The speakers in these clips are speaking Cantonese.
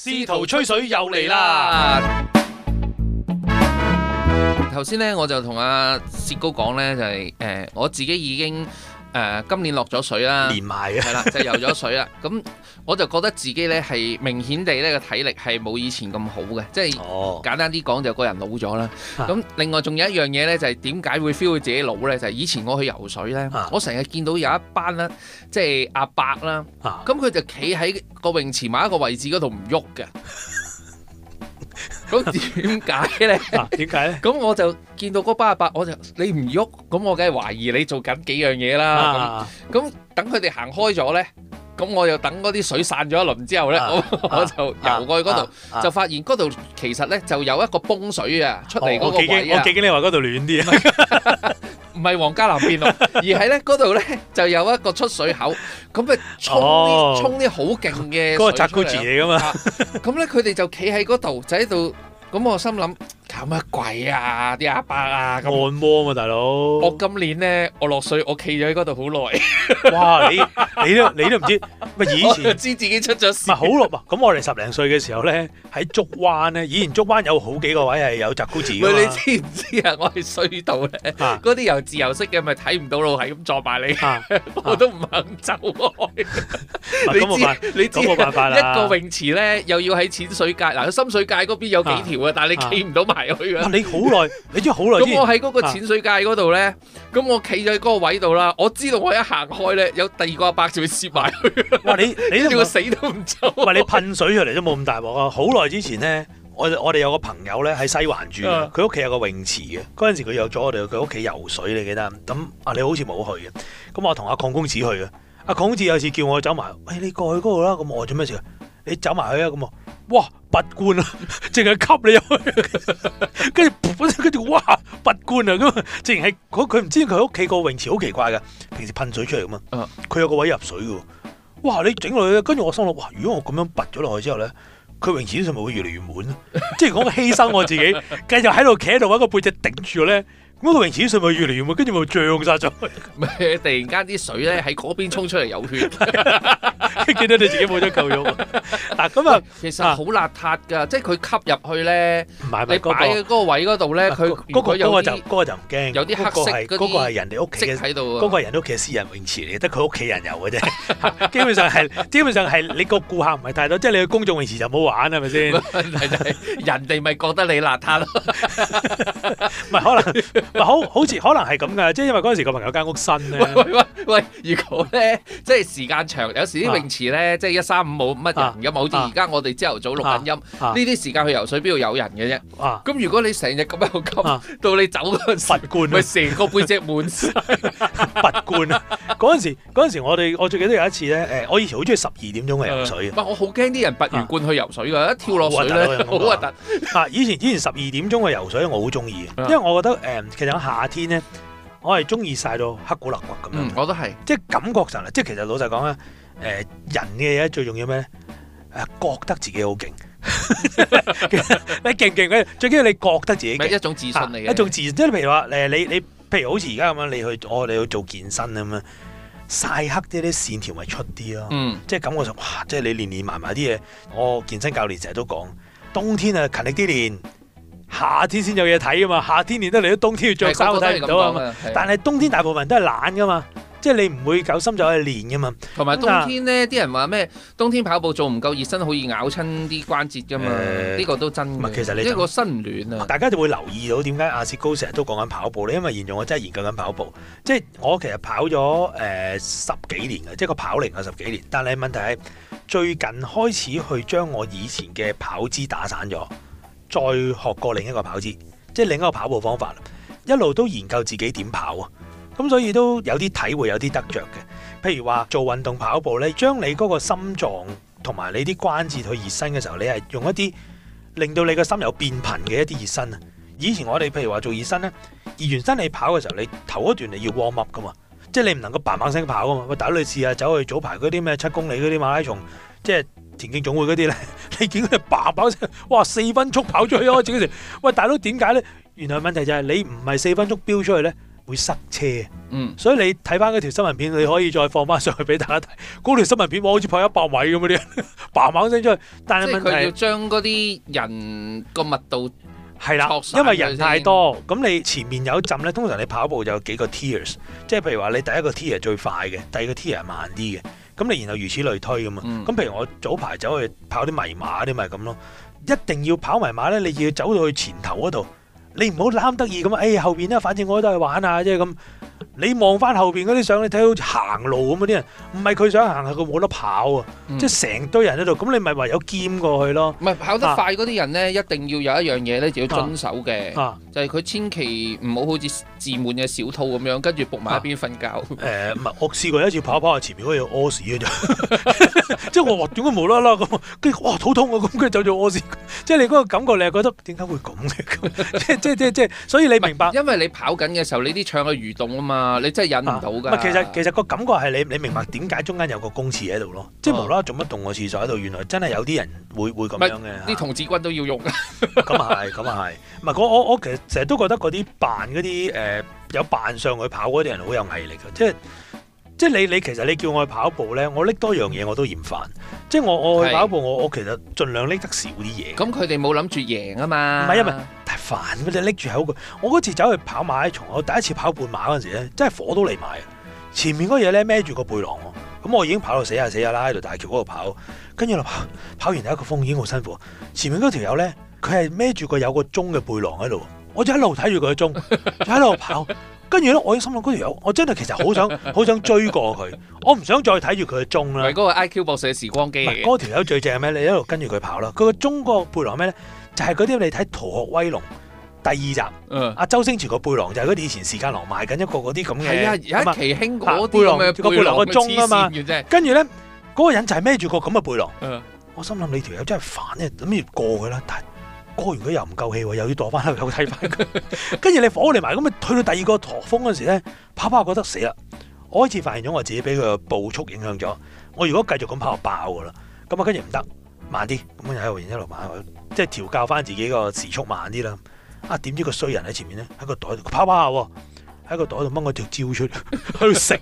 試圖吹水又嚟啦！頭先、啊、 呢，我就同阿薛高講呢，就係、是、誒、呃，我自己已經。誒、呃、今年落咗水啦，連埋、係啦，就係、游咗水啦。咁 我就覺得自己呢係明顯地呢個體力係冇以前咁好嘅，即係、哦、簡單啲講就個人老咗啦。咁、啊、另外仲有一樣嘢呢，就係點解會 feel 自己老呢？就係、係、以前我去游水呢，啊、我成日見到有一班呢，即係阿伯啦，咁佢、啊啊、就企喺個泳池某一個位置嗰度唔喐嘅。 咁點解咧？點解咧？咁、啊、 我就見到嗰班阿伯，我就你唔喐，咁我梗係懷疑你做緊幾樣嘢啦。咁、啊、等佢哋行開咗咧，咁我又等嗰啲水散咗一輪之後咧，我、啊、 我就游過去嗰度，啊啊、就發現嗰度其實咧就有一個崩水啊，出嚟嗰個位啊、啊哦、我記驚你話嗰度暖啲啊。 唔係黃家南邊咯， 而係咧嗰度咧就有一個出水口，咁啊 沖、哦、沖啲好勁嘅嗰個扎古士嘢噶嘛，咁咧佢哋就企喺嗰度就喺度，咁我心諗。有乜鬼啊？啲阿伯啊，按摩嘛，大佬。我今年咧，我落水，我企咗喺嗰度好耐。哇！你你都你都唔知咪以前知自己出咗事好落噃？咁我哋十零歲嘅時候咧，喺竹灣咧，以前竹灣有好幾個位係有澤枯池噶。你知唔知啊？我係水道咧，嗰啲由自由式嘅咪睇唔到路，係咁撞埋你，我都唔肯走開。你知你知冇辦法啦。一個泳池咧，又要喺淺水界嗱，深水界嗰邊有幾條啊，但係你企唔到埋。你好耐，你真好耐。咁 我喺嗰個淺水界嗰度咧，咁、啊、我企咗喺嗰個位度啦，我知道我一行開咧，有第二個阿伯就會攝埋佢。哇！你都叫個死都唔走。唔係你噴水出嚟都冇咁大鑊啊！好耐之前咧，我我哋有個朋友咧喺西環住，佢屋企有個泳池嘅。嗰陣時佢約咗我哋去佢屋企游水，你記得？咁啊你好似冇去嘅。咁我同阿礦公子去嘅。阿礦公子有次叫我走埋，喂、哎、你過去嗰度啦。咁我做咩事啊？你走埋去啊，咁啊，哇，拔罐啊，淨係吸你入去，跟住本跟住哇，拔罐啊，咁啊，淨係，佢唔知佢屋企個泳池好奇怪嘅，平時噴水出嚟噶嘛，佢有個位入水嘅，哇，你整落去，跟住我心諗，哇，如果我咁樣拔咗落去之後咧，佢泳池係咪會越嚟越滿咧？即係講犧牲我自己，繼續喺度企喺度揾個背脊頂住咧。我個泳池水咪越嚟越污，跟住咪漲晒咗。突然間啲水咧喺嗰邊沖出嚟有血，見到你自己冇咗嚿肉。但咁啊，其實好邋遢噶，即係佢吸入去咧。唔係唔係，嗰個嗰個位嗰度咧，佢嗰個個就個就唔驚。有啲黑色，嗰個係人哋屋企。識喺度。嗰個人屋企嘅私人泳池嚟，得佢屋企人游嘅啫。基本上係，基本上係你個顧客唔係太多，即係你去公眾泳池就冇玩係咪先？人哋咪覺得你邋遢咯。係可能。好好似可能係咁噶，即係因為嗰陣時個朋友間屋新咧。喂，如果咧即係時間長，有時啲泳池咧即係一三五冇乜人噶嘛，好似而家我哋朝頭早錄緊音呢啲時間去游水邊度有人嘅啫。咁如果你成日咁樣浸到你走個拔罐，咪成個背脊滿塞，拔罐啊！嗰陣時陣時我哋我最記得有一次咧，誒我以前好中意十二點鐘去游水嘅。喂，我好驚啲人拔完罐去游水噶，一跳落水咧好核突。啊，以前以前十二點鐘去游水我好中意，因為我覺得誒。其實夏天咧，我係中意曬到黑古勒骨咁樣。嗯，我都係，即係感覺上啊，即係其實老實講咧，誒、呃，人嘅嘢最重要咩咧？誒、啊，覺得自己好勁。咪勁勁嘅，最緊要你覺得自己咪一種自信嚟嘅，啊，一種自信。即係譬如話誒，你你，你，譬如好似而家咁樣，你去我，哦、你去做健身咁樣，曬黑啲啲線條咪出啲咯。嗯，即係感覺上哇，即係你練練埋埋啲嘢，我健身教練成日都講，冬天啊，勤力啲練。夏天先有嘢睇啊嘛，夏天連得嚟，到冬天要着衫睇唔到啊嘛。對 但係冬天大部分人都係懶噶嘛，的即係你唔會夠心就可以練噶嘛。同埋冬天咧，啲是人話咩？冬天跑步做唔夠熱身，好易咬親啲關節噶嘛？呢、呃、個都真。唔係，其實你一個身暖啊，大家就會留意到點解阿薛高成日都講緊跑步咧，因為現在我真係研究緊跑步，即係我其實跑咗誒、呃、十幾年嘅，即係個跑齡啊十幾年。但係問題係最近開始去將我以前嘅跑姿打散咗。再學過另一個跑姿，即係另一個跑步方法，一路都研究自己點跑啊！咁所以都有啲體會，有啲得着嘅。譬如話做運動跑步咧，將你嗰個心臟同埋你啲關節去熱身嘅時候，你係用一啲令到你個心有變頻嘅一啲熱身啊！以前我哋譬如話做熱身呢，熱完身你跑嘅時候，你頭一段你要 warm up 噶嘛，即係你唔能夠嘭嘭聲跑噶嘛。喂，打類似啊，走去早排嗰啲咩七公里嗰啲馬拉松，即係。田徑總會嗰啲咧，你見佢叭叭聲，哇四分速跑出去啊！自己食，喂大佬點解咧？原來問題就係你唔係四分速飆出去咧，會塞車。嗯，所以你睇翻嗰條新聞片，你可以再放翻上去俾大家睇。嗰、嗯、條新聞片我好似跑一百米咁嗰啲，叭 叭聲出去。但係問題係將嗰啲人個密度係啦，因為人太多。咁你前面有一陣咧，通常你跑步就有幾個 tiers 即係譬如話你第一個 tier 最快嘅，第二個 tier 慢啲嘅。咁你然後如此類推咁嘛。咁譬、嗯、如我早排走去跑啲迷馬啲咪咁咯，一定要跑迷馬咧，你要走到去前頭嗰度，你唔好貪得意咁啊！哎呀後邊啦，反正我都去玩下即係咁。你望翻後邊嗰啲相，你睇好似行路咁嘅啲人，唔係佢想行，佢冇得跑啊，嗯、即係成堆人喺度，咁你咪唯有兼過去咯。唔係跑得快嗰啲人咧，啊、一定要有一樣嘢咧，就要遵守嘅，啊啊、就係佢千祈唔好好似自滿嘅小兔咁樣，跟住伏埋一邊瞓覺。誒唔係，我試過一次跑跑，跑前面嗰度屙屎嘅就， 即係我話點解無啦啦咁，跟住哇肚痛啊，咁跟住就做屙屎。 即係你嗰個感覺，你係覺得點解會咁嘅？ 即係即即所以你明白？ 明白因為你跑緊嘅時候，你啲腸係蠕動啊嘛。啊！你真係忍唔到㗎。其實其實個感覺係你你明白點解中間有個公廁喺度咯，啊、即係無啦啦做乜動我廁所喺度？原來真係有啲人會會咁樣嘅。啲、啊、童子軍都要用。咁啊係，咁啊係。唔係我我我其實成日都覺得嗰啲扮嗰啲誒有扮上去跑嗰啲人好有毅力㗎，即係。即係你你其實你叫我去跑步咧，我拎多樣嘢我都嫌煩。即係我我去跑步我，我我其實盡量拎得少啲嘢。咁佢哋冇諗住贏啊嘛？唔係因為，太煩佢哋拎住口一我嗰次走去跑馬拉松，從我第一次跑半馬嗰陣時咧，真係火都嚟埋。前面嗰嘢咧，孭住個背囊喎，咁我已經跑到死下死下啦，喺度大橋嗰度跑，跟住就跑跑完第一個峯已經好辛苦。前面嗰條友咧，佢係孭住個有個鐘嘅背囊喺度，我就一路睇住佢嘅鐘，就一路跑。 跟住咧，我喺心諗嗰條友，我真係其實好想好想追過佢，我唔想再睇住佢嘅鐘啦。係嗰、 嗰個 IQ 博士嘅時光機。嗰條友最正咩？你一路跟住佢跑啦。佢個鐘個背囊咩咧？就係嗰啲你睇《逃學威龍》第二集，阿、嗯、周星馳個背囊就係嗰啲以前時間廊賣緊一個嗰啲咁嘅。係啊，而家奇興嗰啲咁嘅背囊嘅鐘啊嘛。黐線嘅啫。跟住咧，嗰個人就係孭住個咁嘅背囊。嗯、 我心諗你條友真係煩嘅，諗住過佢啦，但。過完佢又唔夠氣喎，又要躲翻喺度睇翻佢，跟住你火嚟埋咁啊。退到第二個駝峰嗰時咧，啪啪覺得死啦！我開始發現咗，我自己俾佢嘅步速影響咗。我如果繼續咁跑就爆噶啦！咁啊，跟住唔得，慢啲咁啊，喺度一路慢，即係調教翻自己個時速慢啲啦。啊，點知個衰人喺前面咧，喺個袋度啪啪喎，喺個袋度掹嗰條蕉出，去度食。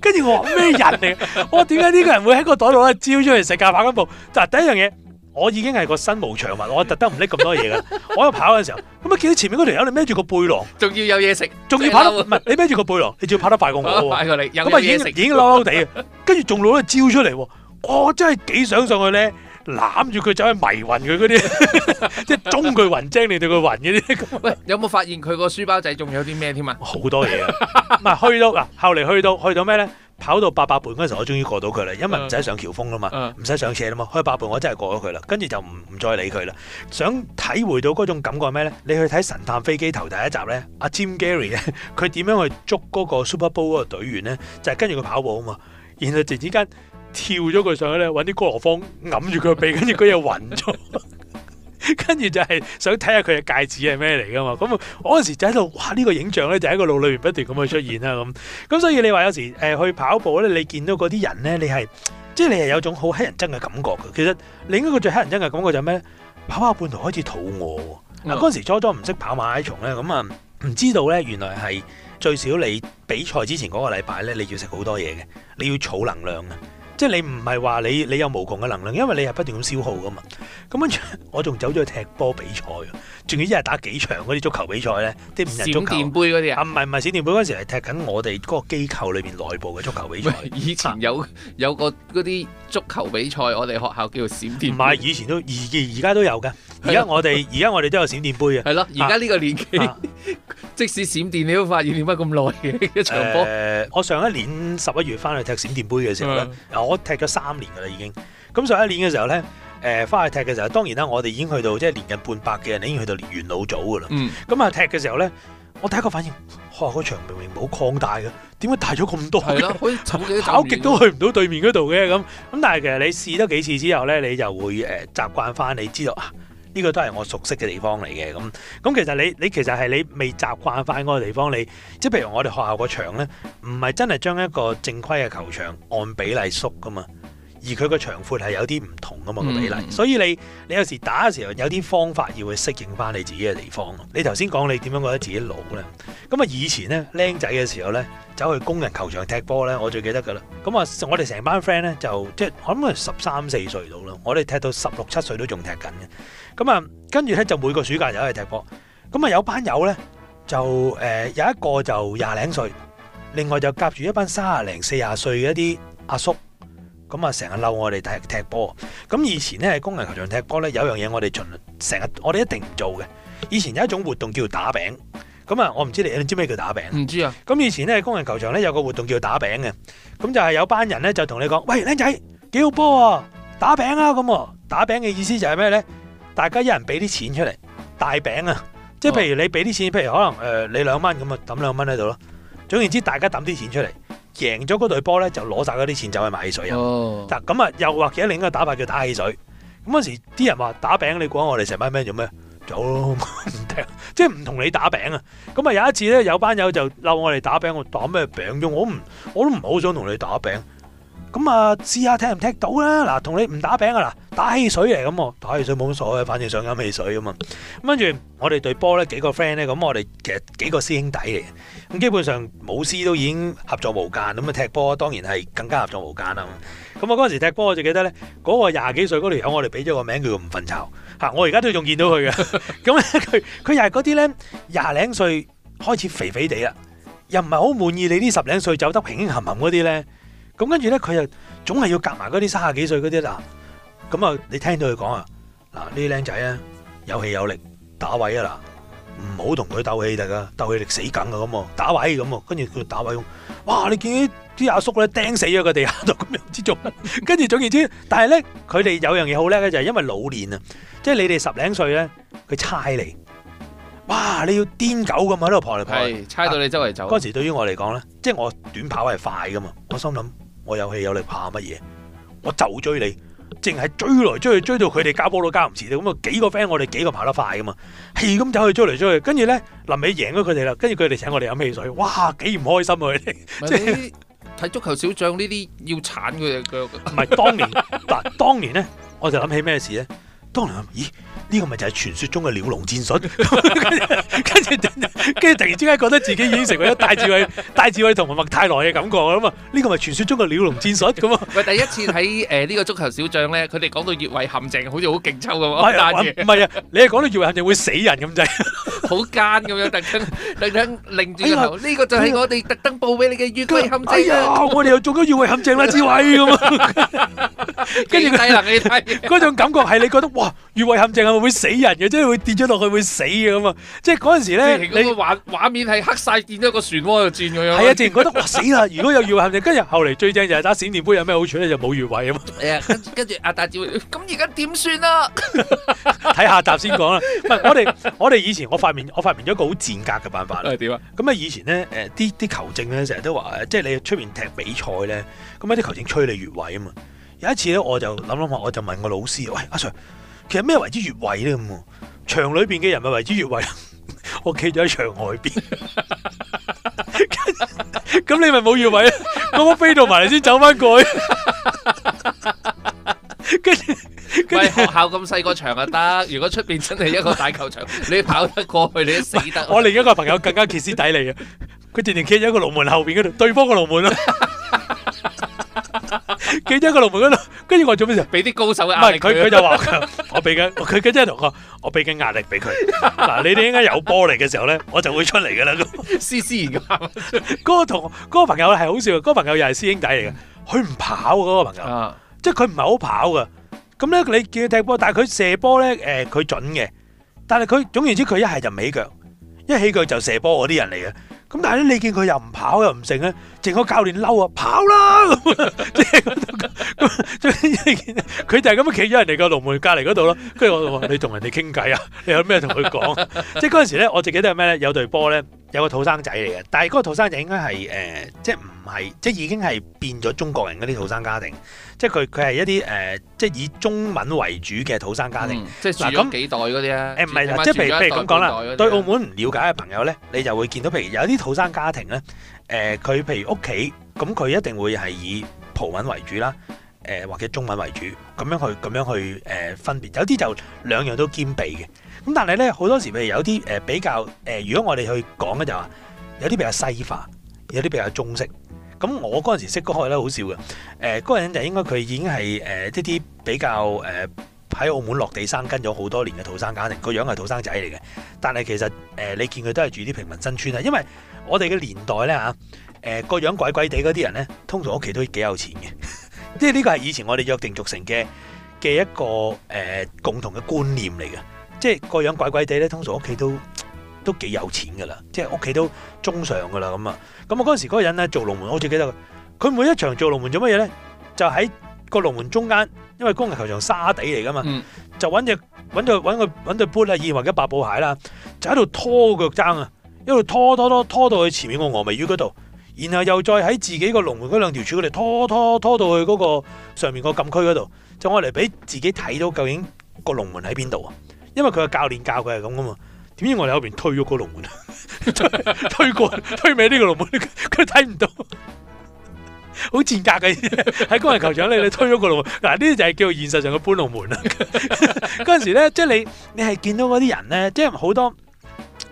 跟 住我話咩人嚟？ 我點解呢個人會喺個袋度攞蕉出嚟食噶？跑緊步，嗱第一樣嘢我已經係個身無長物，我特登唔拎咁多嘢噶。 我喺度跑嘅時候，咁啊見到前面嗰條友，你孭住個背囊，仲要有嘢食，仲要跑得唔係 你孭住個背囊，你仲要跑得快過我喎。咁啊已經已經嬲嬲地跟住仲攞啲蕉出嚟喎。我真係幾想上去咧攬住佢走，去迷暈佢嗰啲，即係中佢暈精，你對佢暈嗰啲。 喂，有冇發現佢個書包仔仲有啲咩添啊？好多嘢啊，唔係去到嗱後嚟去到去到咩咧？跑到八百半嗰陣時，我終於過到佢啦，因為唔使上橋風啦嘛，唔使上斜啦嘛，去八百半我真係過咗佢啦，跟住就唔唔再理佢啦。想體會到嗰種感覺係咩咧？你去睇《神探飛機頭》第一集咧，阿、啊、Tim Garry 咧，佢點樣去捉嗰個 Super Bowl 嗰個隊員咧？就係、是、跟住佢跑步啊嘛，然後突然之間跳咗佢上去咧，揾啲哥羅芳揞住佢個鼻，跟住佢又暈咗。 跟住就係想睇下佢嘅戒指係咩嚟噶嘛？咁我嗰陣時就喺度，哇！呢、這個影像咧就喺個腦裏面不斷咁去出現啦咁。咁所以你話有時誒、呃、去跑步咧，你見到嗰啲人咧，你係即係你係有種好乞人憎嘅感覺嘅。其實另一個最乞人憎嘅感覺就係咩？跑下半途開始肚餓。嗱，嗰陣時初初唔識跑馬拉松咧，咁啊唔知道咧原來係最少你比賽之前嗰個禮拜咧，你要食好多嘢嘅，你要儲能量啊。即係你唔係話你你有無窮嘅能量，因為你係不斷咁消耗噶嘛。咁樣我仲走咗去踢波比賽。仲要一日打幾場嗰啲足球比賽咧？即係唔係足球。閃電杯嗰啲啊？啊，唔係唔係，閃電杯嗰陣時係踢緊我哋嗰個機構裏邊內部嘅足球比賽。 以前有有個嗰啲足球比賽，我哋學校叫做閃電杯。唔係，以前都而而家都有嘅。而家我哋而家我哋都有閃電杯嘅。係咯，而家呢個年紀， 即使閃電，你都發現點解咁耐嘅一場波球？誒、呃，我上一年十一月翻去踢閃電杯嘅時候咧， 我踢咗三年噶啦已經。咁上一年嘅時候咧。誒，翻、呃、去踢嘅時候，當然啦，我哋已經去到即係年近半百嘅人，已經去到年元老組噶啦。咁啊、嗯嗯，踢嘅時候咧，我第一個反應，學校個場明明冇擴大嘅，點解大咗咁多？係咯，可以跑極都去唔到對面嗰度嘅咁。咁但係其實你試多幾次之後咧，你就會誒習慣翻，呃、你知道啊，呢、這個都係我熟悉嘅地方嚟嘅。咁咁其實你你其實係你未習慣翻嗰個地方，你即係譬如我哋學校個場咧，唔係真係將一個正規嘅球場按比例縮噶嘛。而佢個長闊係有啲唔同㗎嘛，個比例，所以你你有時打嘅時候有啲方法要去適應返你自己嘅地方。你頭先講你點樣覺得自己老咧？咁啊以前咧，靚仔嘅時候咧，走去工人球場踢波咧，我最記得㗎喇。咁啊，我哋成班 friend 咧就即係我諗係十三四歲到啦。我哋踢到十六七歲都仲踢緊嘅。咁啊，跟住咧就每個暑假又去踢波。咁啊有班友咧，就誒、呃、有一個就廿零歲，另外就夾住一班三廿零四廿歲嘅一啲阿叔。咁啊，成日嬲我哋踢踢波。咁、嗯、以前咧喺工人球場踢波咧，有樣嘢我哋盡量，成日，我哋一定唔做嘅。以前有一種活動叫打餅。咁、嗯、啊，我唔知你，你知咩叫打餅？唔知啊、嗯。咁以前咧，工人球場咧有個活動叫打餅嘅。咁、嗯、就係、是、有班人咧就同你講：，喂，靚仔，幾好波啊？打餅啊！咁、哦、打餅嘅意思就係咩咧？大家一人俾啲錢出嚟，大餅啊！即係譬如你俾啲錢，譬如可能誒你兩蚊咁啊，抌兩蚊喺度咯。總言之，大家抌啲錢出嚟。贏咗嗰對波咧，就攞晒嗰啲錢走去買汽水啊！嗱，咁啊，又或者另一個打法叫打汽水。咁嗰時啲人話打、哦、 打餅，你講我哋成班咩做咩？走咯，唔踢，即係唔同你打餅啊！咁啊，有一次咧，有班友就嬲我哋打餅，我講咩餅啫？我唔，我都唔好想同你打餅。咁啊，試下踢唔踢到啦？嗱，同你唔打餅啊，嗱，打汽水嚟咁喎，打汽水冇乜所謂，反正想飲汽水啊嘛。咁跟住我哋對波咧幾個 friend 咧，咁我哋其實幾個師兄弟嚟嘅，咁基本上舞獅都已經合作無間，咁啊，踢波當然係更加合作無間啦。咁我嗰陣時踢波，我就記得咧，嗰個廿幾歲嗰條友，我哋俾咗個名叫做吳瞓巢。嚇，我而家都仲見到佢嘅。咁咧，佢佢又係嗰啲咧廿零歲開始肥肥地啦，又唔係好滿意你啲十零歲走得平平冚冚嗰啲咧。咁跟住咧，佢又總係要夾埋嗰啲三十幾歲嗰啲啦。咁啊，你聽到佢講啊，嗱，呢啲僆仔咧有氣有力打位啊嗱，唔好同佢鬥氣，大家鬥氣力死梗啊。咁喎，打位咁喎。跟住佢打，打位，哇！你見啲阿叔咧釘死咗個地下度咁樣做咩。跟住總言之，但係咧佢哋有樣嘢好叻嘅就係、是、因為老年啊，即係你哋十零歲咧，佢猜你。哇！你要癲狗咁喺度破嚟拍嚟，猜到你周圍走。嗰時對於我嚟講咧，即係我短跑係快噶嘛，我心諗。我有氣有力，怕乜嘢？我就追你，淨係追來追去，追到佢哋交波都交唔切，咁啊幾個 friend，我哋幾個跑得快噶嘛，係咁走去追嚟追去，跟住咧，臨尾贏咗佢哋啦，跟住佢哋請我哋飲汽水，哇，幾唔開心啊！佢哋即係睇足球小將呢啲要鏟佢隻腳，唔係當年嗱，當年咧， 我就諗起咩事咧？當諗，咦？呢個咪就係傳說中嘅鳥籠戰術？跟住，跟住，跟住，突然之間覺得自己已經成為咗戴志偉、戴志偉同埋麥泰來嘅感覺啊嘛！呢個咪傳說中嘅鳥籠戰術？咁啊，唔係第一次睇誒呢個足球小將咧，佢哋講到越位陷阱，好似好勁抽咁啊！唔係啊，你係講到越位陷阱會死人咁滯，好奸咁樣，突然突然擰轉個頭，呢個就係我哋特登報俾你嘅越位陷阱啊！我哋又中咗越位陷阱啦，志偉咁啊！跟住，嗰種感覺係你覺得哇～哦、越位陷阱係會死人嘅，即係會跌咗落去會死咁啊！即係嗰陣時咧，嗯、你畫畫面係黑晒，見咗、個漩渦度轉咁樣。係、嗯、啊，自然覺得哇死啦！如果有越位陷阱，跟住後嚟最正就係打閃電杯，有咩好處咧？就冇越位啊嘛。係、嗯、 啊，跟住跟住阿大招，咁而家點算啊？睇下集先講啦。我哋我哋以前我發明我發明咗一個好賤格嘅辦法。誒，點啊？咁啊，以前咧誒啲啲球證咧成日都話，即係你出面踢比賽咧，咁啲球證吹你越位啊嘛。有一次咧，我就諗諗下，我就問個老師：喂，阿、啊、Sir。其實咩為之越位咧？咁場裏邊嘅人咪為之越位，我企咗喺場外邊，咁你咪冇越位。咁我飛到埋嚟先走翻過去， 跟住跟住學校咁細個場就得。 如果出邊真係一個大球場， 你跑得過去你都死得。我另一個朋友更加騎師底嚟歇斯底里啊，佢直情企喺一個龍門後邊嗰度，對方個龍門咯，啊。 佢喺個龍門嗰度，跟住我做咩事？俾啲高手嘅佢佢就話我俾嘅佢嗰啲同我，我俾緊 壓力俾佢。嗱， 你哋應該有波嚟嘅時候咧，我就會出嚟嘅啦。咁、 那個，私私咁。嗰個同嗰個朋友係好笑嘅，嗰個朋友又係、那個、師兄弟嚟嘅，佢唔、嗯、跑嗰、那個朋友，啊、即係佢唔係好跑嘅。咁咧，你叫佢踢波，但係佢射波咧，誒、呃，佢準嘅。但係佢總言之，佢一係就起腳，一起腳就射波嗰啲人嚟嘅。咁但係咧，你見佢又唔跑又唔成咧，淨個教練嬲啊！跑啦，即係咁，佢就係咁樣企咗人哋個龍門隔籬嗰度咯。跟住我話你同人哋傾偈啊，你有咩同佢講？ 即係嗰陣時咧，我自己都係咩咧？有隊波咧。有個土生仔嚟嘅，但係嗰個土生仔應該係誒、呃，即係唔係即係已經係變咗中國人嗰啲土生家庭，即係佢佢係一啲誒、呃，即係以中文為主嘅土生家庭。嗯、即係嗱咁幾代嗰啲咧？誒唔係，至乎即係譬如譬如咁講啦，啊、對澳門唔了解嘅朋友咧，你就會見到譬如有啲土生家庭咧，誒、呃、佢譬如屋企咁，佢一定會係以葡文為主啦，誒、呃、或者中文為主，咁樣去咁樣去誒分別。有啲就兩樣都兼備嘅。咁、嗯、但係咧，好多時咪有啲誒、呃、比較誒、呃。如果我哋去講嘅就話有啲比較西化，有啲比較中式。咁、嗯、我嗰陣時識嗰個咧好笑嘅誒，嗰、呃、個人就應該佢已經係誒一啲比較誒喺、呃、澳門落地生根咗好多年嘅土生家庭。個樣係土生仔嚟嘅。但係其實誒、呃，你見佢都係住啲平民新村啊。因為我哋嘅年代咧嚇誒個樣鬼鬼哋嗰啲人咧，通常屋企都幾有錢嘅，即係呢個係以前我哋約定俗成嘅嘅一個誒、呃、共同嘅觀念嚟嘅。即係個樣怪怪地咧，通常屋企都都幾有錢噶啦，即係屋企都中上噶啦咁啊！咁啊嗰陣時嗰個人咧做龍門，我最記得佢，佢每一場做龍門做乜嘢咧？就喺個龍門中間，因為工人球場沙地嚟噶嘛，嗯、就揾隻揾個揾個揾對杯啦，二或者白布鞋啦，就喺度拖腳踭啊，一路拖拖拖拖到去前面個峨眉魚嗰度，然後又再喺自己，龍拖拖個，自己個龍門嗰兩條柱嗰度拖拖拖到去嗰個上面個禁區嗰度，就攞嚟俾自己睇到究竟個龍門喺邊度啊！因為佢個教練教佢係咁噶嘛，點知我哋喺後邊推咗個龍門， 推推過，推歪呢個龍門，佢睇唔到，好 賤格嘅。喺工人球場咧，你推咗個龍門，嗱呢啲就係叫做現實上嘅搬龍門啦。嗰 陣 時咧，即係你你係見到嗰啲人咧，即係好多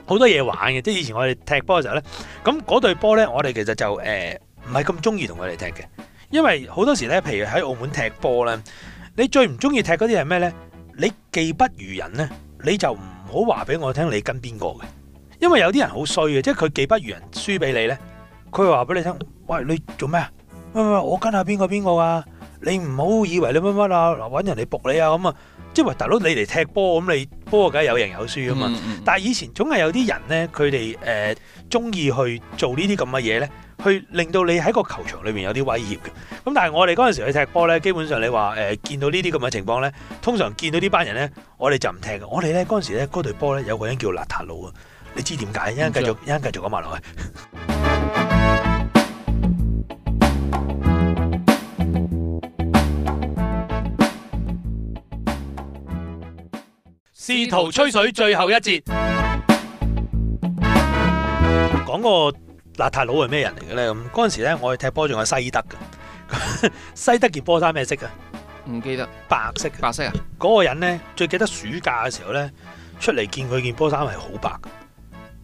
好多嘢玩嘅。即係以前我哋踢波嘅時候咧，咁嗰隊波咧，我哋其實就誒唔係咁中意同佢哋踢嘅，因為好多時咧，譬如喺澳門踢波咧，你最唔中意踢嗰啲係咩咧？你技不如人呢，你就唔好話俾我聽你跟邊個嘅，因為有啲人好衰嘅，即係佢技不如人輸俾你呢。佢話俾你聽，喂你做咩啊？喂喂，我跟下邊個邊個啊。」你唔好以為你乜乜啊，嗱揾人嚟僕你啊咁啊，即係話大佬你嚟踢波，咁你波梗係有贏有輸啊嘛。嗯嗯、但係以前總係有啲人咧，佢哋誒中意去做呢啲咁嘅嘢咧，去令到你喺個球場裏面有啲威脅嘅。咁但係我哋嗰陣時去踢波咧，基本上你話誒、呃、見到呢啲咁嘅情況咧，通常見到呢班人咧，我哋就唔踢。我哋咧嗰陣時咧嗰隊波咧有個人叫納塔魯啊，你知點解？一陣繼,、嗯、繼續，一陣繼續講埋落去。 試圖吹水最後一節，講個邋遢佬係咩人嚟嘅咧？咁嗰陣時咧，我去踢波仲有西德嘅， 西德件波衫咩色嘅？唔記得，白色。白色啊？嗰個人咧最記得暑假嘅時候咧，出嚟見佢件波衫係好白，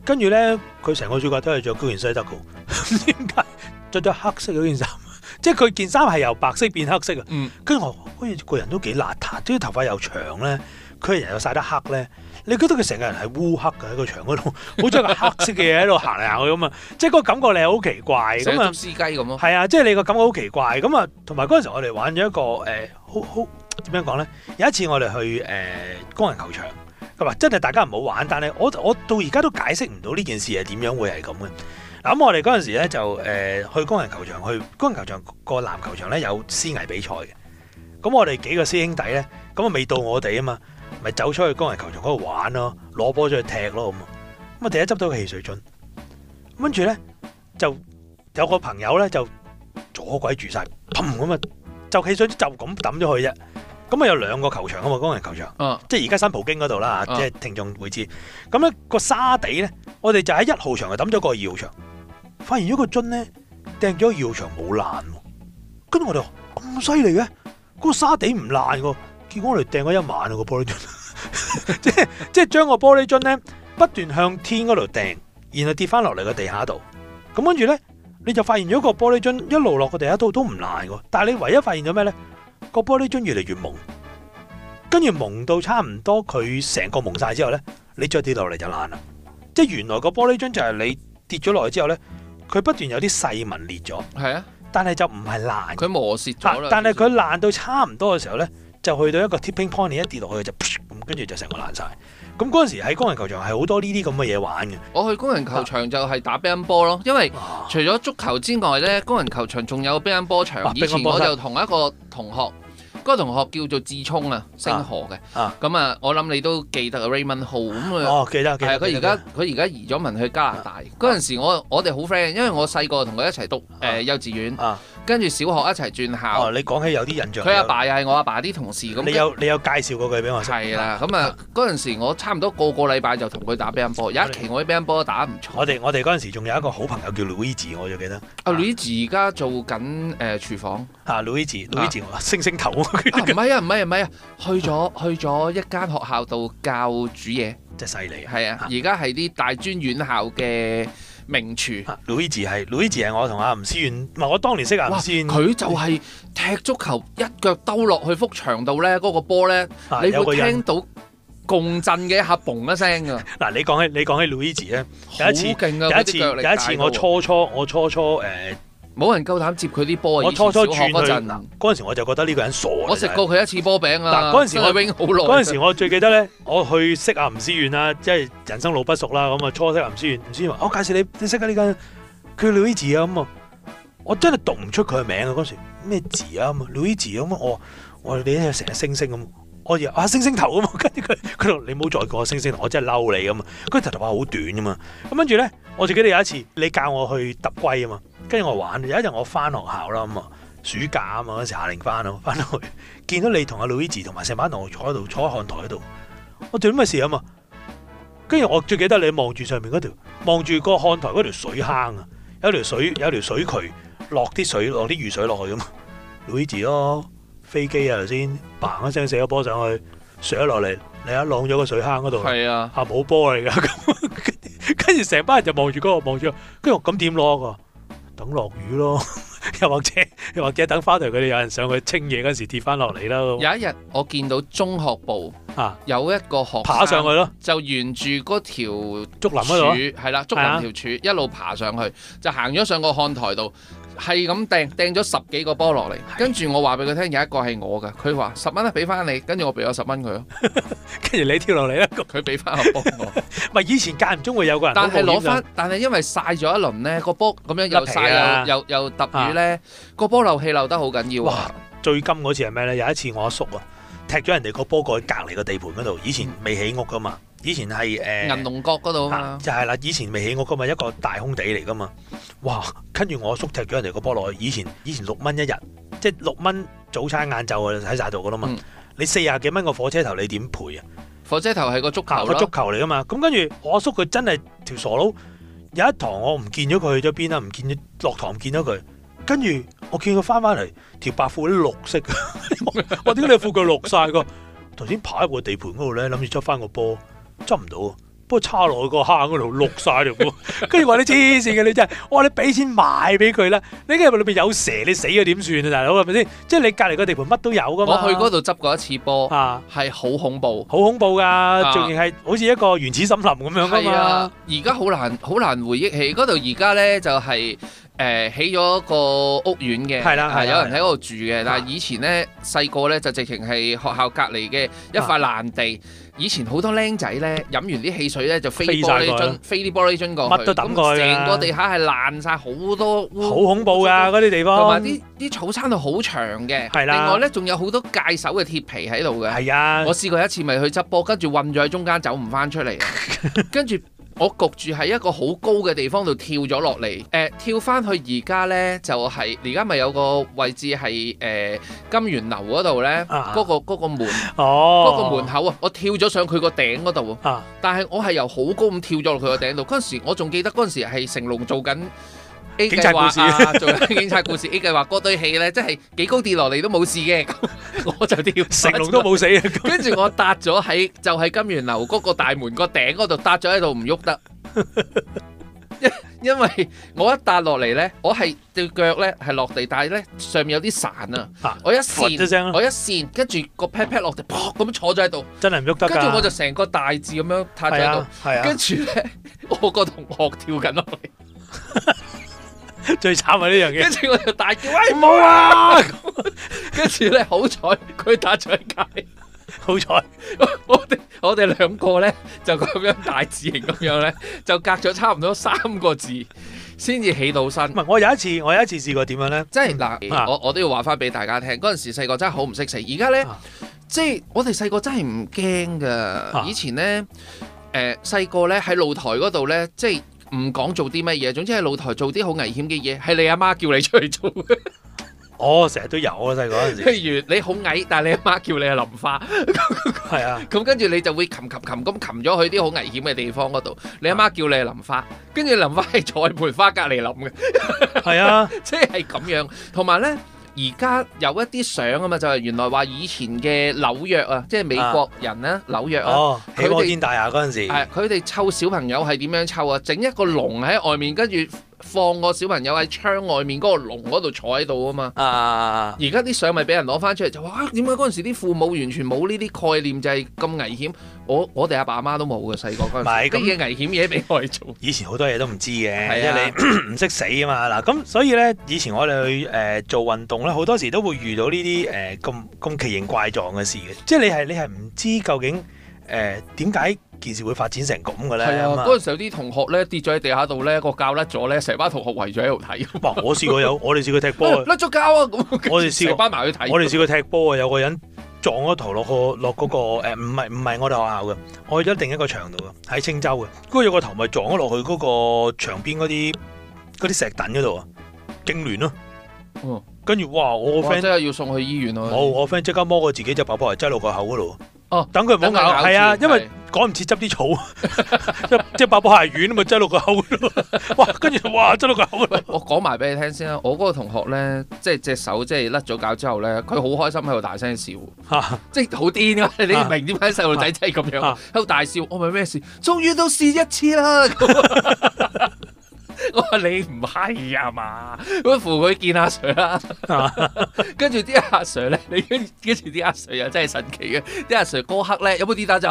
跟住咧佢成個暑假都係着高原西德嘅，點解着咗黑色嗰件衫？ 即係佢件衫係由白色變黑色嘅。跟住、嗯、我好似、哎、個人都幾邋遢，啲頭髮又長咧。佢人又曬得黑咧，你覺得佢成個人係烏黑嘅，喺個場嗰度，好似一個黑色嘅嘢喺度行嚟行去咁啊！即係嗰個感覺你係好奇怪咁啊，試雞咁咯。係啊，即係你個感覺好奇怪咁啊！同埋嗰陣時我哋玩咗一個誒，好好點樣講咧？有一次我哋去誒、呃、工人球場，咁啊真係大家唔好玩，但係我我到而家都解釋唔到呢件事係點樣會係咁嘅。嗱，咁我哋嗰陣時咧就誒、呃、去工人球場，去工人球場個籃球場咧有師奶比賽嘅。咁我哋幾個師兄弟咧，咁啊未到我哋啊嘛。咪走出去工人球場嗰度玩咯，攞波出去踢咯咁。咁啊，第一執到個汽水樽，跟住咧就有個朋友咧就阻鬼住晒，嘭咁啊就汽水樽就咁抌咗佢啫。咁啊有兩個球場啊嘛，工人球場，啊、即係而家新葡京嗰度啦，即係、啊、聽眾會知。咁、那、咧個沙地咧，我哋就喺一號場就抌咗過二號場，發現咗個樽咧掟咗過二號場冇爛喎、啊。跟住我哋話咁犀利嘅，嗰、那個沙地唔爛喎、啊。結果我哋掟咗一晚啊 個玻璃樽，即係即係將個玻璃樽咧不斷向天嗰度掟，然後跌翻落嚟個地下度。咁跟住咧，你就發現咗個玻璃樽一路落個地下度都唔爛個但係你唯一發現咗咩咧？個玻璃樽越嚟越蒙，跟住蒙到差唔多佢成個蒙晒之後咧，你再跌落嚟就爛啦。即係原來個玻璃樽就係你跌咗落去之後咧，佢不斷有啲細紋裂咗。係啊，但係就唔係爛，佢磨蝕，但係佢爛到差唔多嘅時候咧，就去到一個 tipping point，一跌落去就，跟住就成個爛晒。咁嗰陣時喺工人球場係好多呢啲咁嘅嘢玩嘅。我去工人球場、啊、就係打 band 乒乓波咯，因為、啊、除咗足球之外呢，工人球場仲有 band 乒乓波場。啊、以前我就同一個同學，嗰、嗰個同學叫做志聰啊，星河嘅。咁啊，我諗你都記得 Raymond Ho 咁啊，係啊，佢而家佢而家移咗民去加拿大。嗰陣、啊、時我我哋好 friend，因為我細個同佢一齊讀誒幼稚園。啊啊跟住小學一齊轉校。哦，你講起有啲印象。佢阿爸又係我阿爸啲同事咁。你有你有介紹過佢俾我識。係啦，咁啊，嗰陣時我差唔多個個禮拜就同佢打乒乓波。有一期我啲乒乓波打唔錯。我哋我哋嗰陣時仲有一個好朋友叫 Luis，我就記得。阿 Luis 而家做緊誒廚房。嚇，Luis，Luis，星星頭。唔係啊，唔係啊，唔係啊，去咗去咗一間學校度教煮嘢。即係犀利。係啊，而家係啲大專院校嘅。名廚，Lewis Lewis 係、啊、我同阿吳思遠，唔係我當年識阿吳思遠，佢就係踢足球 一腳兜落去幅牆度咧，嗰、嗰個波咧，你會聽到共振嘅一下嘣一聲啊！嗱、啊，你講起你講起 Lewis 咧， 有一次，好勁啊、有一次，有一次我初初我初初誒。呃冇人夠膽接佢啲波啊！我初初轉佢嗰陣時我就覺得呢個人傻。我食過佢一次波餅啊！嗰陣時啊，嗰陣時我最記得咧，我去識阿吳思遠啦，即係人生路不熟啦，咁啊初識阿吳思遠，吳思遠話：我介紹你，你識下呢間佢 Louise 啊咁啊！Ia, 我真係讀唔出佢嘅名啊！嗰時咩字啊 Louise 咁啊！我我你咧成日星星咁，我又啊星星頭咁，跟住佢佢就話你冇再講星星頭，我，星星我真係嬲你咁啊！佢頭頭髮好短噶嘛，咁跟住咧。我最記得有一次，你教我去揼龜啊嘛，跟住我玩。有一日我翻學校啦，咁啊暑假啊嘛嗰時夏令翻啊，翻到去見到你同阿 Lui 同埋成班同學坐喺度坐喺看台嗰度，我做咩事試啊嘛，跟住我最記得你望住上面嗰條，望住個看台嗰條水坑啊，有條水有條水渠落啲水落啲雨水落去咁，Luis 咯飛機啊頭先嘭一聲射咗波上去，咗落嚟，你一浪咗個水坑嗰度，係啊，嚇冇波嚟㗎。 跟住成班人就望住嗰個望住，跟住咁點攞㗎？等落雨咯，又或者又或者等翻嚟佢哋有人上去清嘢嗰時跌翻落嚟啦。有一日我見到中學部啊有一個學生爬上去咯，就沿住嗰條竹林條柱，係啦竹林條柱一路爬上去，的就行咗上個看台度。係咁掟掟咗十幾個波落嚟，跟住的我話俾佢聽有一個係我㗎，佢話十蚊啦俾翻你，跟住我俾咗十蚊佢咯，跟住 你跳落嚟啦，佢俾翻個波我。咪 以前間唔中會有個人但，但係攞翻，但係因為曬咗一輪咧，個波咁樣又曬、啊、又又揼雨咧，個波漏氣漏得好緊要。哇！最金嗰次係咩咧？有一次我阿叔啊，踢咗人哋個波過去隔離個地盤嗰度，以前未起屋㗎嘛。嗯以前係誒、呃、銀龍角嗰度、啊、就係、係、啦！以前未起屋，今日一個大空地嚟噶嘛，哇！跟住我叔，叔踢咗人哋個波落去。以前以前六蚊一日，即係六蚊早餐晏晝喺晒度噶啦嘛。嗯、你四廿幾蚊個火車頭，你點賠啊？火車頭係個足球，啊、足球嚟噶嘛？咁跟住我叔佢真係條傻佬，有一堂我唔見咗佢去咗邊啦，唔見落堂見咗佢，跟住我見佢翻翻嚟條白褲都綠色，我點解你褲腳綠晒？個，頭先爬喺個地盤嗰度咧，諗住出翻個波。執唔到，不過叉落去個坑嗰度碌晒條波，跟住話，你黐線嘅你真係，我話你俾錢買俾佢啦，你跟住裏邊有蛇，你死咗點算啊大佬係咪先？即係你隔籬個地盤乜都有㗎嘛。我去嗰度執過一次波，係好恐怖，好恐怖噶，仲係好似一個原始森林咁樣㗎嘛。而家好難好難回憶起嗰度，而家咧就係誒起咗個屋苑嘅，係啦，係有人喺嗰度住嘅。但係以前咧細個咧就直情係學校隔籬嘅一塊爛地。以前好多僆仔咧飲完啲汽水咧就飛玻璃樽，飛啲玻璃樽過去，乜都抌佢啦。成個地下係爛晒好多，好恐怖㗎嗰啲地方，同埋啲啲草生度好長嘅，係啦的。另外咧仲有好多界手嘅鐵皮喺度嘅，係啊的，我試過一次咪去執波，跟住混咗喺中間走唔翻出嚟， 跟住。我焗住喺一個好高嘅地方度跳咗落嚟，誒、呃、跳翻去而家呢，就係而家咪有個位置係誒、呃、金源樓嗰度呢，嗰、啊嗰個嗰、嗰個門，嗰、哦、個門口啊，我跳咗上佢個頂嗰度啊，但係我係由好高咁跳咗落佢個頂度，嗰陣、啊、時我仲記得嗰陣時係成龍做緊。警察故事，做緊警察故事，A 計劃嗰堆戲咧，真係幾高跌落嚟都冇事嘅。我就跳成龍都冇死。跟住我搭咗喺就喺金元樓嗰個大門個頂嗰度，搭咗喺度唔喐得。因因為我一搭落嚟咧，我係對腳咧係落地，但係咧上面有啲散啊。我一扇，我一扇，跟住個 pat pat 落地，噗咁坐咗喺度。真係唔喐得。跟住我就成個大字咁樣趴咗喺度。係啊。跟住咧，我個同學跳緊落嚟。 最慘係呢樣嘢，跟住我就大叫：喂、哎，冇啊！跟住咧，好彩佢打出街，好 彩 我哋我哋兩個咧就咁樣大字型咁樣咧，就隔咗差唔多三個字先至起到身。唔係，我有一次我有一次試過點樣咧，即係嗱，我我都要話翻俾大家聽，嗰陣時細個真係好唔識死，而家咧即係我哋細個真係唔驚噶。以前咧，誒細個咧喺露台嗰度咧，即係。即唔講做啲乜嘢，總之係露台做啲好危險嘅嘢，係你阿媽，媽叫你出去做。我成日都有啊，細個嗰陣時，譬如你好矮，但係你阿媽，媽叫你係林花，係 啊，咁跟住你就會擒擒擒咁擒咗去啲好危險嘅地方嗰度，你阿媽，媽叫你係林花，啊、跟住林花係坐喺盆花隔離諗嘅，係啊，即係咁樣，同埋咧。而家有一啲相啊嘛，就係、是、原來話以前嘅紐約啊，即係美國人咧、啊啊、紐約啊，佢哋、哦、們大廈嗰陣時，係佢哋湊小朋友係點樣湊啊？整一個籠喺外面，跟住。放個小朋友喺窗外面嗰個籠嗰度坐喺度啊嘛，而家啲相咪俾人攞翻出嚟，就話啊點解嗰陣時啲父母完全冇呢啲概念就係咁危險？我我哋阿爸阿媽都冇嘅細個嗰陣，唔係，咁嘅危險嘢俾我哋做。以前好多嘢都唔知嘅，係啊，你唔識死啊嘛嗱。咁所以咧，以前我哋去誒做運動咧，好多時都會遇到呢啲誒咁咁奇形怪狀嘅事嘅，即係你係你係唔知究竟誒點解，呃件事會發展成咁嘅咧？係啊！嗰陣、嗯、時有啲同學咧跌咗喺地下度咧，個臼甩咗咧，成班同學圍咗喺度睇。我試過有， 我哋試過踢波甩咗臼啊！咁 我哋試過成班埋去睇。我哋試過踢波啊！有個人撞咗頭落、個落嗰個唔係唔係我哋學校嘅，我去咗另一個場度嘅，喺青州嘅。跟住有個頭咪撞咗落去嗰個牆邊嗰啲啲石凳嗰度啊，痙攣咯。跟住哇！我 friend 真係要送去醫院咯。冇， 我 friend 即刻摸過自己隻白波嚟擠落個口嗰度。哦，等佢唔好咬，係啊，嗯、因為趕唔切執啲草，是 即即白布鞋軟吖嘛，擠落個口度，哇，跟住哇，擠落個口度。我講埋俾你聽先啦，我嗰個同學咧，即隻手即係甩咗骹之後咧，佢好開心喺度大聲笑，即好癲啊！你唔明點解細路仔即係咁樣，喺度、啊啊啊、大笑，我問咩事，終於都試一次啦。 我話你唔係啊嘛，咁扶佢見阿 sir 啦，跟住啲阿 sir 咧，你跟住啲阿 sir 啊，真係神奇嘅，啲阿 sir 嗰刻咧有冇跌打酒？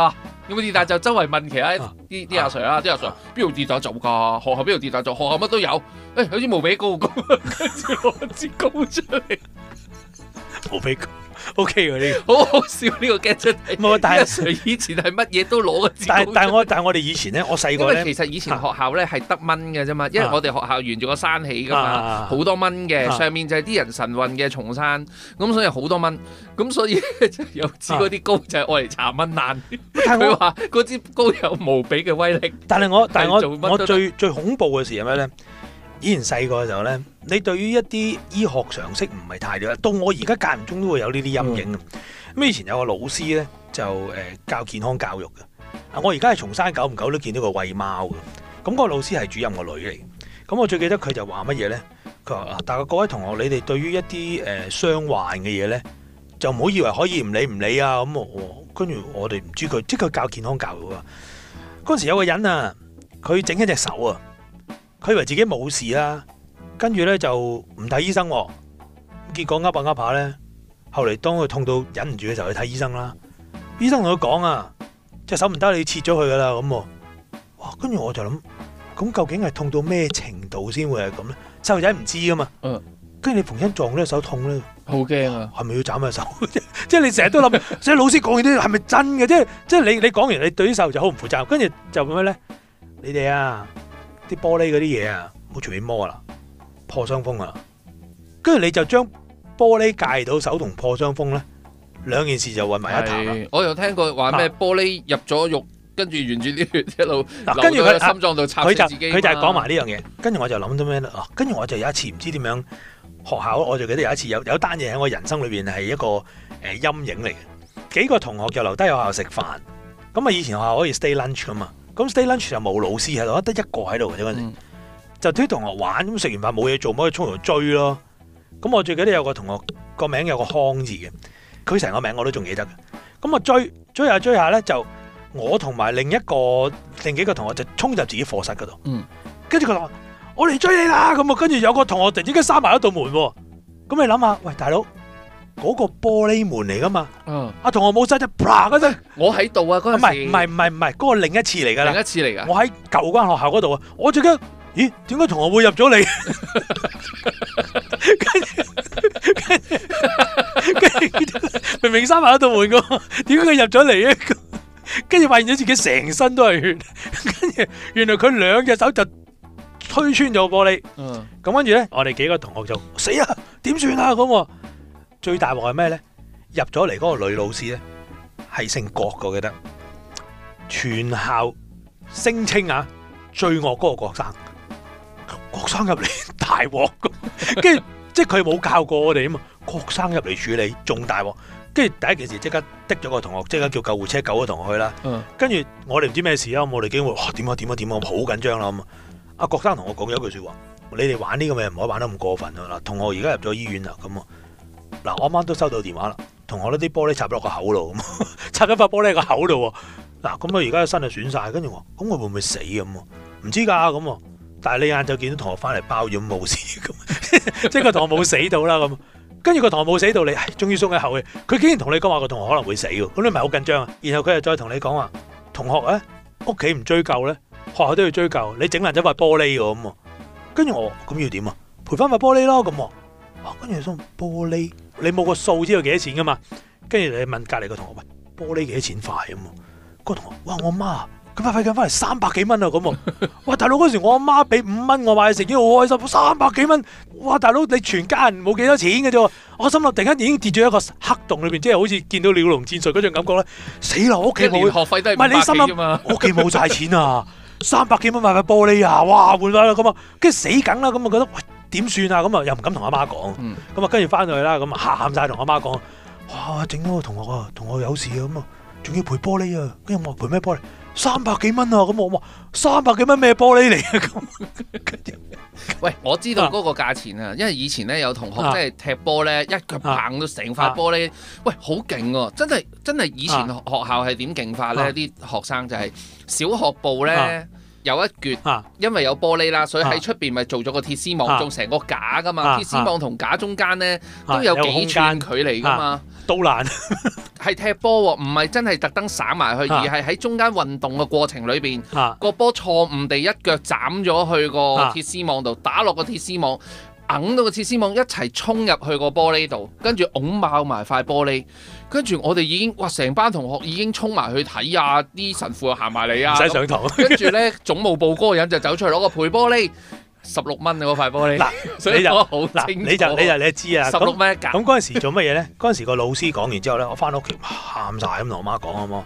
有冇跌打酒周圍問其他啲啲阿 sir 啊，啲阿 sir 邊度跌打酒㗎？學校邊度跌打酒？學校乜都有，誒好似無比膏咁，跟住攞支膏出嚟，無比膏。O K 喎，呢好好笑呢、呢個 Guess，冇但係以前係乜嘢都攞嘅， 但但係我但係我哋以前咧，我細個咧，其實以前學校咧係得蚊嘅啫嘛，啊、因為我哋學校沿住個山起噶嘛，好、啊、多蚊嘅，啊、上面就係啲人神運嘅重山，咁所以好多蚊，咁所以有指我 支嗰啲膏就係愛嚟查蚊爛。佢話嗰支膏有無比嘅威力，但係我但係我我最最恐怖嘅事係咩咧？以前細個嘅時候咧，你對於一啲醫學常識唔係太了解，到我而家間唔中都會有呢啲陰影。咁、mm hmm. 以前有個老師咧，就、呃、誒教健康教育嘅。啊，我而家係松山，久唔久都見到個餵貓嘅。咁、那個老師係主任個女嚟。咁我最記得佢就話乜嘢咧？佢話啊，大家各位同學，你哋對於一啲誒、呃、傷患嘅嘢咧，就唔好以為可以唔理唔理啊，咁跟住我哋唔、哦、知佢即係佢教健康教育喎。嗰時有個人啊，佢整一隻手啊。佢以為自己冇事啦，跟住咧就唔睇醫生，結果噏下噏下咧，後嚟當佢痛到忍唔住嘅時候去睇醫生啦。醫生同佢講啊，隻手唔得，你切咗佢噶啦咁喎。哇，跟住我就諗，咁究竟係痛到咩程度先會係咁咧？細路仔唔知㗎嘛。跟住、嗯、你逢親撞咧，手痛咧。好驚啊！係咪要斬下手？ 即係你成日都諗，所以 老師講嘅啲係咪真嘅？即係即係你你講完，你對啲細路就好唔負責。跟住就咁樣咧，你哋啊！啲玻璃嗰啲嘢啊，好隨便摸啦，破傷風啊，跟住你就將玻璃介到手同破傷風咧，兩件事就混埋一談。我又聽過話咩玻璃入咗肉，跟住沿住啲血一路流到心臟度插死自己、啊啊、就佢嘛就係講埋呢樣嘢。跟住我就諗咗咩啦？哦、啊，跟住我就有一次唔知點樣學校，我就記得有一次有有單嘢喺我人生裏邊係一個誒、呃、陰影嚟嘅。幾個同學就留低學校食飯，咁啊以前學校可以 stay lunch 噶嘛。咁 stay lunch 就冇老師喺度，得一個喺度嘅啫，嗰陣，嗯、就推同學玩咁，食完飯冇嘢做，咪沖入追咯。咁我最記得有個同學個名有個康字嘅，佢成個名我都仲記得。咁我追追下追下咧，就我同埋另一個另幾個同學就衝入自己課室嗰度。嗯，跟住佢話：我嚟追你啦！咁啊，跟住有個同學突然間閂埋一道門喎。咁你諗下，喂大佬！嗰個玻璃門嚟噶嘛？阿、嗯、同學冇聲啫，嗰陣我喺度啊，嗰陣唔係唔係唔係唔係嗰個另一次嚟噶啦，另一次嚟噶。我喺舊關學校嗰度啊，我即刻咦？點解同學會入咗嚟？跟住跟住，明明閂埋嗰道門噶，點解佢入咗嚟咧？跟住發現咗自己成身都係血，跟住原來佢兩隻手就推穿咗玻璃。咁、嗯、跟住咧，我哋幾個同學就死啊！點算啊？咁、那個。最大鑊係咩咧？入咗嚟嗰個女老師咧，係姓郭嘅，我記得全校聲稱啊，最惡嗰個郭生，郭生入嚟，大鑊，跟住 即係佢冇教過我哋啊嘛。郭生入嚟處理仲大鑊，跟住第一件事即刻滴咗個同學，即刻叫救護車救個同學去啦。嗯、跟住我哋唔知咩事機會啊，啊，我哋驚喎，點啊點啊點啊，好緊張啦咁啊！阿、嗯、郭生同我講咗一句説話：你哋玩呢個咩？唔可以玩得咁過分啊！嗱，同學而家入咗醫院啦，咁、嗯、啊。嗱，我啱啱都收到電話啦，同學咧啲玻璃插落個口度，咁插緊塊玻璃個口度。嗱，咁佢而家個身就損晒。跟住我，咁我會唔會死咁啊？唔知㗎咁，但係你晏晝見到同學翻嚟包咗冇事，咁 即係個同學冇死到啦。咁跟住個同學冇死到，你終於鬆個口，佢竟然同你講話個同學可能會死，咁你唔係好緊張啊？然後佢又再同你講話，同學咧屋企唔追究咧，學校都要追究。你整爛咗塊玻璃咁啊？跟住我，咁要點啊？賠翻塊玻璃咯。咁啊，跟住想玻璃。你冇個數知道幾多錢㗎嘛？跟住你問隔籬個同學喂，玻璃幾多錢塊咁？個同學：，哇！我阿媽佢買塊鏡翻嚟三百幾蚊啊！咁啊，哇！大佬嗰時我阿媽俾五蚊我買嘢食，已經好開心。三百幾蚊，哇！大佬你全家人冇幾多錢嘅啫，我心諗突然間已經跌咗一個黑洞裏邊，即係好似見到鳥籠戰術嗰種感覺咧。死啦！屋企冇學費都係五百幾，屋企冇晒錢啊！三百幾蚊買塊玻璃啊！哇！換翻啦咁啊，跟住死梗啦咁我覺得。點算啊？咁啊又唔敢同阿媽講。咁啊、嗯、跟住翻去啦，咁喊晒同阿媽講：哇，整嗰個同學啊，同學有事啊，咁啊，仲要賠玻璃啊！跟住我話賠咩玻璃？三百幾蚊啊！咁我話三百幾蚊咩玻璃嚟啊？咁，跟住，喂，我知道嗰個價錢啊，因為以前咧有同學即係踢波咧、啊、一腳棒到成塊玻璃，喂，好勁喎！真係真係以前學校係點勁法咧？啲、啊啊、學生就係小學部咧。啊啊有一橛，因為有玻璃啦，所以喺出邊咪做咗個鐵絲網，做成個架噶嘛。啊啊、鐵絲網同架中間呢，都有幾寸距離噶嘛，都難。係、啊、 踢波唔係真係特登灑埋去，而係喺中間運動嘅過程裏邊，啊、個波錯誤地一腳斬咗去個鐵絲網度，打落個鐵絲網。掹到個鐵絲網一齊衝入去個玻璃度，跟住拱爆埋塊玻璃，跟住我哋已經哇成班同學已經衝埋去睇啊！啲神父行埋嚟啊！唔使上堂，跟住咧總務部嗰個人就走出嚟攞個賠玻璃，十六蚊嗰塊玻璃。嗱，你就好，嗱你就你就你知啊，十六蚊一格。咁嗰陣時做乜嘢咧？嗰陣 時個老師講完之後咧，我翻到屋企喊晒，咁同我媽講好冇？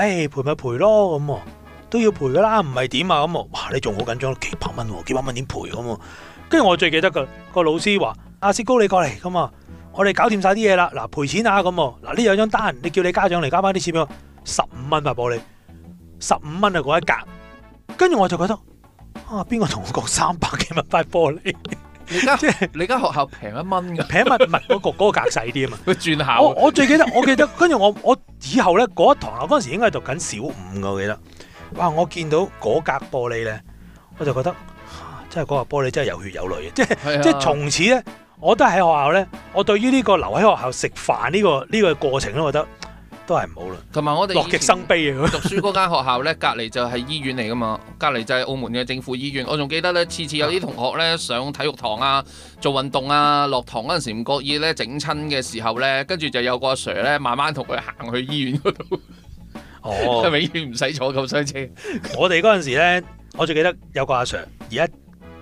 誒賠咪賠咯咁啊，都要賠噶啦，唔係點啊咁啊？哇！你仲好緊張，幾百蚊喎，幾百蚊點賠咁啊？跟住我最記得個、那個老師話：阿薛高你過嚟咁啊，我哋搞掂晒啲嘢啦。嗱，賠錢啊咁啊，嗱呢兩張單，你叫你家長嚟交翻啲錢俾我，十五蚊塊玻璃，十五蚊啊嗰一格。跟住我就覺得啊，邊個同我講三百幾蚊塊玻璃？即係你間、 就是、學校平一蚊嘅、那個，平一蚊嗰個個格細啲啊嘛。佢轉下。我最記得，我記得跟住我我，我以後咧嗰一堂啊，嗰陣時應該係讀緊小五噶，我記得。哇！我見到嗰格玻璃咧，我就覺得。即係嗰個玻璃真係有血有淚嘅，即係、啊、即係從此咧，我都喺學校咧，我對於呢個留喺學校食飯呢、呢個呢、呢個過程咧，我覺得都係唔好啦。同埋我哋樂極生悲啊！讀書嗰間學校咧，隔離 就係醫院嚟噶嘛，隔離就係澳門嘅政府醫院。我仲記得咧，次次有啲同學咧上體育堂啊，做運動啊，落堂嗰陣時唔覺意咧整親嘅時候咧，跟住就有個阿 Sir 咧慢慢同佢行去醫院嗰度。 哦，去醫院唔使坐咁多車。我哋嗰陣時咧，我仲記得有個阿 Sir 而家。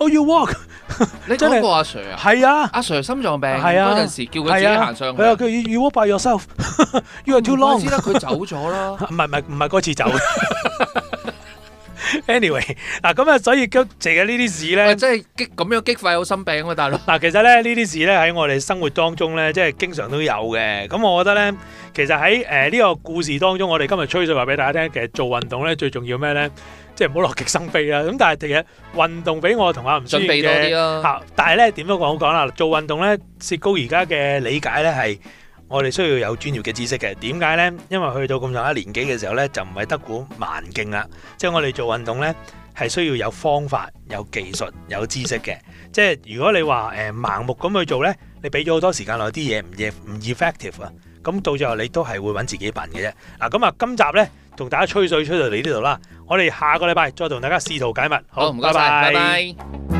Oh, you walk？你講過阿 Sir 啊？係啊，阿 Sir 心臟病嗰陣時叫佢自己行上去。佢話佢要 walk by yourself，you are too long。你知啦，佢走咗啦。唔係唔係唔係嗰次走。Anyway，嗱咁啊，所以今其實呢啲事咧，即係激咁樣激化好心病啊，大佬。嗱，其實咧呢啲事咧，喺我哋生活當中咧，即係經常都有嘅。咁我覺得咧，其實喺誒呢個故事當中，我哋今日吹水話俾大家聽，其實做運動咧最重要咩咧？即係唔好樂極生悲啦。咁但係其實運動俾我同阿吳孫嘅吓，但係咧點樣講好講啦？做運動咧，薛高而家嘅理解咧係。我哋需要有專業嘅知識嘅，點解呢？因為去到咁上下年紀嘅時候呢，就唔係得股蠻勁啦。即係我哋做運動呢，係需要有方法、有技術、有知識嘅。即係如果你話誒、呃、盲目咁去做呢，你俾咗好多時間落啲嘢唔 effect 唔 effective 啊。咁到最後你都係會揾自己笨嘅啫。嗱，咁啊，今集呢，同大家吹水吹到嚟呢度啦。我哋下個禮拜再同大家試圖解密。好，唔該拜拜。